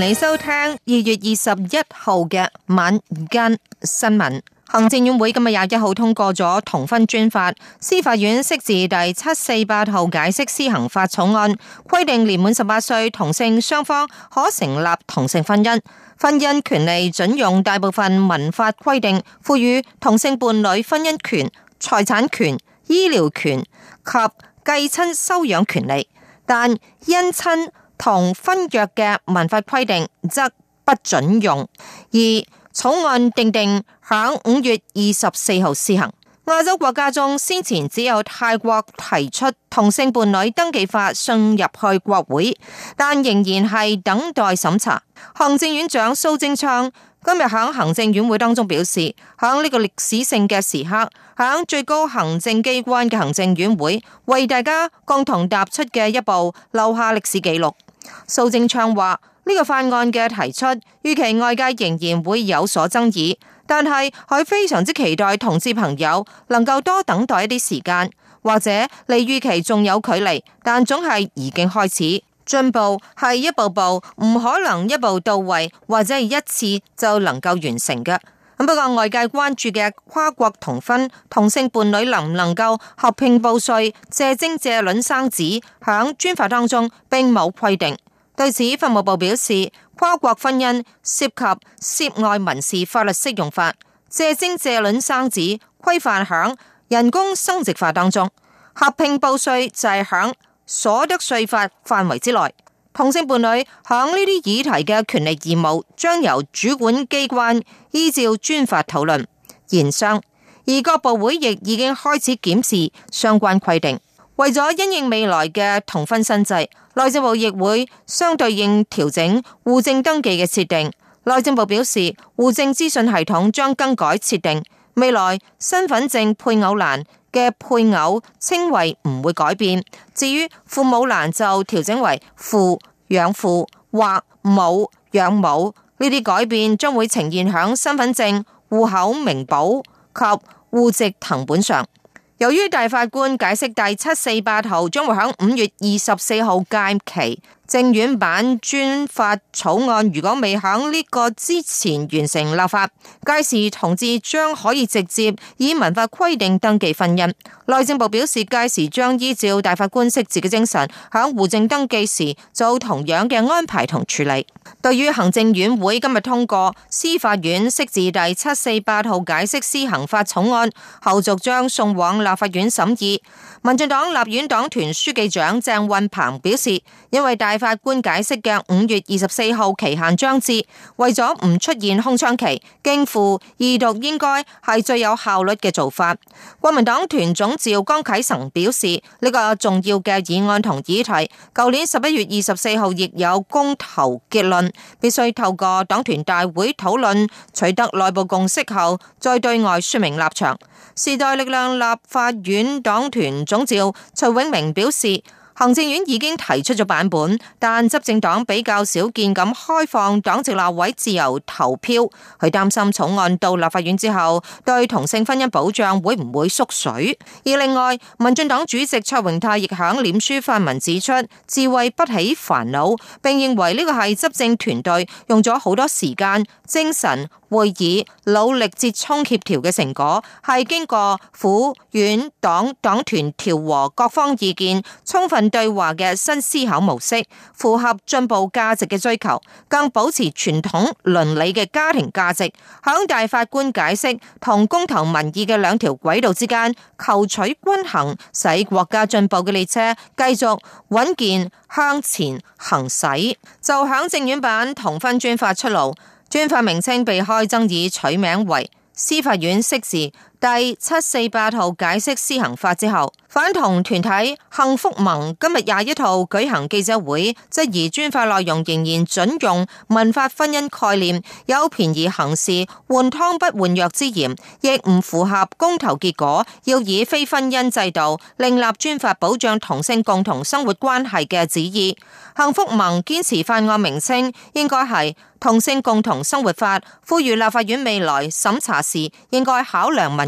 你收聽二月二十一號嘅晚間新聞。行政院會今日廿一號通過咗同婚專法，司法院釋字第七四八號解釋施行法草案，規定年滿十八歲同性雙方可成立同性婚姻，婚姻權利準用大部分民法規定，賦予同性伴侶婚姻權、財產權、醫療權及繼親收養權利，但因親。同婚約嘅文法規定則不准用。而草案訂定響五月二十四號施行。亞洲國家中先前只有泰國提出同性伴侶登記法送入去國會，但仍然係等待審查。行政院長蘇貞昌今日響行政院會當中表示，響呢個歷史性嘅時刻，響最高行政機關嘅行政院會，為大家共同踏出嘅一步，留下歷史記錄。蘇貞昌話：呢個法案嘅提出，預期外界仍然會有所爭議，但係佢非常之期待同志朋友能夠多等待一啲時間，或者離預期仲有距離，但總係已經開始進步，係一步步，唔可能一步到位，或者係一次就能夠完成嘅。咁不過外界關注嘅跨國同婚、同性伴侶能唔能夠合併報稅、借精借卵生子，響專法當中並冇規定。對此，法務部表示，跨國婚姻涉及涉外民事法律適用法，借精借卵生子規範響人工生殖法當中，合併報稅就係響所得稅法範圍之內。同性伴侶響呢啲議題嘅權利義務，將由主管機關依照專法討論研商，而各部會亦已經開始檢視相關規定。為咗因應未來嘅同婚新制，內政部亦會相對應調整戶政登記嘅設定。內政部表示，戶政資訊系統將更改設定，未來身份證配偶欄，嘅配偶稱謂唔會改變，至於父母欄就調整為父、養父或母、養母，呢啲改變將會呈現喺身份證、戶口名簿及戶籍謄本上。由於大法官解釋第七四八號將會喺五月二十四號屆期。政院版專法草案如果未喺呢個之前完成立法，屆時同志將可以直接以民法規定登記婚姻。內政部表示，屆時將依照大法官釋字嘅精神，響戶政登記時做同樣嘅安排同處理。對於行政院會今日通過司法院釋字第七四八號解釋施行法草案，後續將送往立法院審議。民進黨立院黨團書記長鄭運鵬表示，因為大法官解釋嘅五月二十四號期限將至，為咗唔出現空窗期，經付二讀應該係最有效率嘅做法。國民黨團總召江啟臣表示，呢、這個重要嘅議案同議題，舊年十一月二十四號亦有公投結論，必須透過黨團大會討論，取得內部共識後，再對外說明立場。時代力量立法院黨團總召徐永明表示。行政院已經提出咗版本，但執政黨比較少見咁開放黨籍立委自由投票。佢擔心草案到立法院之後，對同性婚姻保障會唔會縮水。而另外，民進黨主席卓榮泰亦響臉書發文，文指出，智慧不起煩惱，並認為呢個係執政團隊用咗好多時間精神。會議努力折衝協調嘅成果，係經過府、院、黨、黨團調和各方意見，充分對話嘅新思考模式，符合進步價值嘅追求，更保持傳統倫理嘅家庭價值，響大法官解釋同公投民意嘅兩條軌道之間求取均衡，使國家進步嘅列車繼續穩健向前行駛。就響政院版同婚專法出爐。專法名稱被開爭議，取名為司法院釋示第七四八號解釋施行法之後，反同團體幸福盟今日廿一號舉行記者會，質疑專法內容仍然準用民法婚姻概念，有便宜行事、換湯不換藥之嫌，亦唔符合公投結果，要以非婚姻制度另立專法保障同性共同生活關係嘅旨意。幸福盟堅持法案名稱應該係同性共同生活法，呼籲立法院未來審查時應該考量民。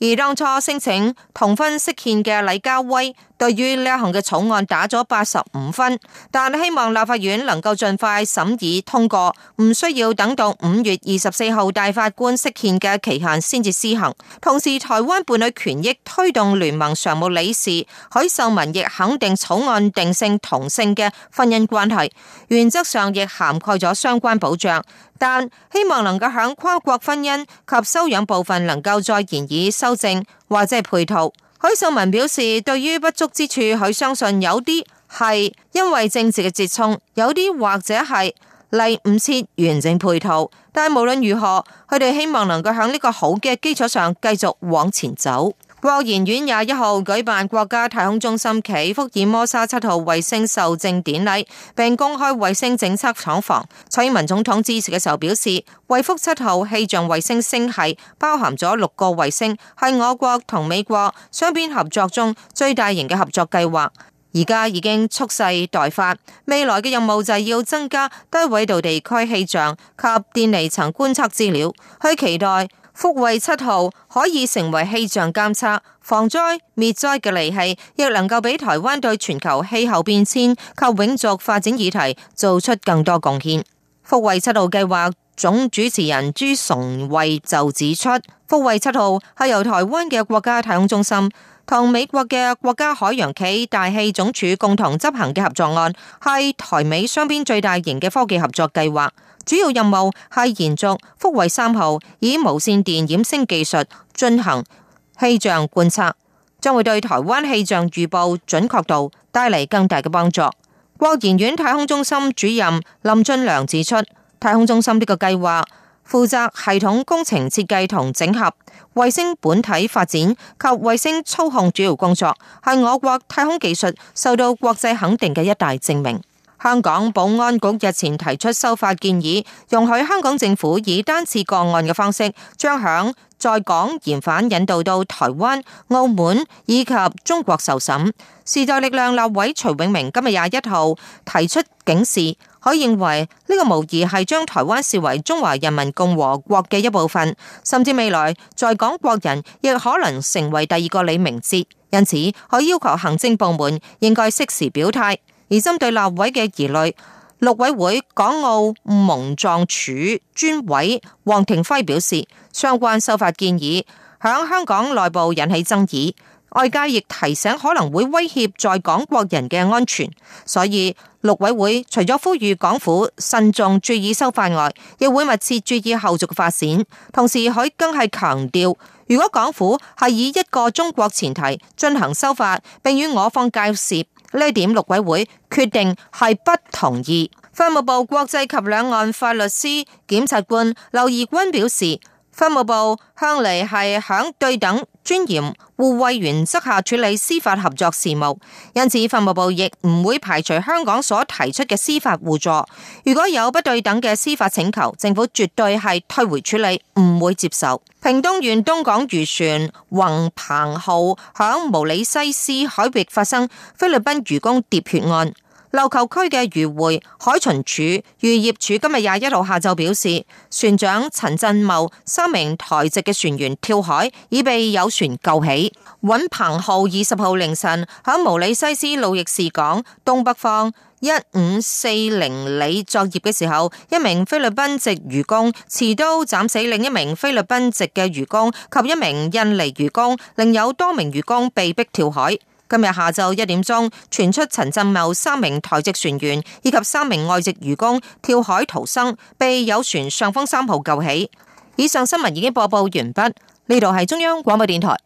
而當初申請同婚釋憲嘅李家威，對於呢一項嘅草案打咗八十五分，但希望立法院能夠盡快審議通過，唔需要等到五月二十四號大法官釋憲嘅期限先至施行。同時，台灣伴侶權益推動聯盟常務理事許秀文亦肯定草案定性同性嘅婚姻關係，原則上亦涵蓋咗相關保障，但希望能夠喺跨國婚姻及收養部分能夠再延以。修正或者係配套，許秀文表示對於不足之處，佢相信有啲係因為政治嘅折衝，有啲或者係嚟唔切完整配套。但係無論如何，佢哋希望能夠喺呢個好嘅基礎上繼續往前走。國研院廿一號舉辦國家太空中心暨福爾摩沙七號衛星授證典禮，並公開衛星整測廠房。蔡英文總統致辭嘅時候表示，惠福七號氣象衛星星系包含咗六個衛星，係我國同美國雙邊合作中最大型嘅合作計劃。而家已經蓄勢待發，未來嘅任務就係要增加低緯度地區氣象及電離層觀測資料。去期待。福衛七號可以成為氣象監測、防災、滅災嘅利器，亦能夠俾台灣對全球氣候變遷及永續發展議題做出更多貢獻。福衛七號計劃總主持人朱崇慧就指出，福衛七號係由台灣嘅國家太空中心同美國嘅國家海洋暨大氣總署共同執行嘅合作案，係台美雙邊最大型嘅科技合作計劃。主要任務係延續福衛三號以無線電掩星技術進行氣象觀測，將會對台灣氣象預報準確度帶嚟更大嘅幫助。國研院太空中心主任林俊良指出，太空中心呢個計劃負責系統工程設計同整合衛星本體發展及衛星操控主要工作，係我國太空技術受到國際肯定嘅一大證明。香港保安局日前提出修法建議，容許香港政府以單次個案嘅方式響，將響在港嫌犯引渡到台灣、澳門以及中國受審。時代力量立委徐永明今日廿一號提出警示，我認為呢個無疑係將台灣視為中華人民共和國嘅一部分，甚至未來在港國人亦可能成為第二個李明哲。因此，我要求行政部門應該適時表態。而針對立委嘅疑慮，陸委會港澳蒙藏處專委黃庭輝表示，相關修法建議喺香港內部引起爭議，外界亦提醒可能會威脅在港國人嘅安全，所以陸委會除咗呼籲港府慎重，重注意修法外，亦會密切注意後續嘅發展，同時佢更係強調，如果港府係以一個中國前提進行修法，並與我方交涉。呢一點，陸委會決定係不同意。法務部國際及兩岸法律師檢察官劉義軍表示。法務部向嚟係響對等尊嚴護衛原則下處理司法合作事務，因此法務部亦唔會排除香港所提出嘅司法互助。如果有不對等嘅司法請求，政府絕對係退回處理，唔會接受。屏東縣東港漁船宏鵬號響毛里西斯海域發生菲律賓漁工喋血案。琉球區嘅漁會、海巡署、漁業署今日廿一號下晝表示，船長陳振茂、三名台籍嘅船員跳海，已被有船救起。穩鵬浩二十號凌晨喺毛里西斯路易士港東北方一五四零里作業嘅時候，一名菲律賓籍漁工持刀斬死另一名菲律賓籍嘅漁工及一名印尼漁工，另有多名漁工被逼跳海。今日下晝一點鐘，傳出陳振茂三名台籍船員以及三名外籍漁工跳海逃生，被有船上風三號救起。以上新聞已經播報完畢，呢度係中央廣播電台。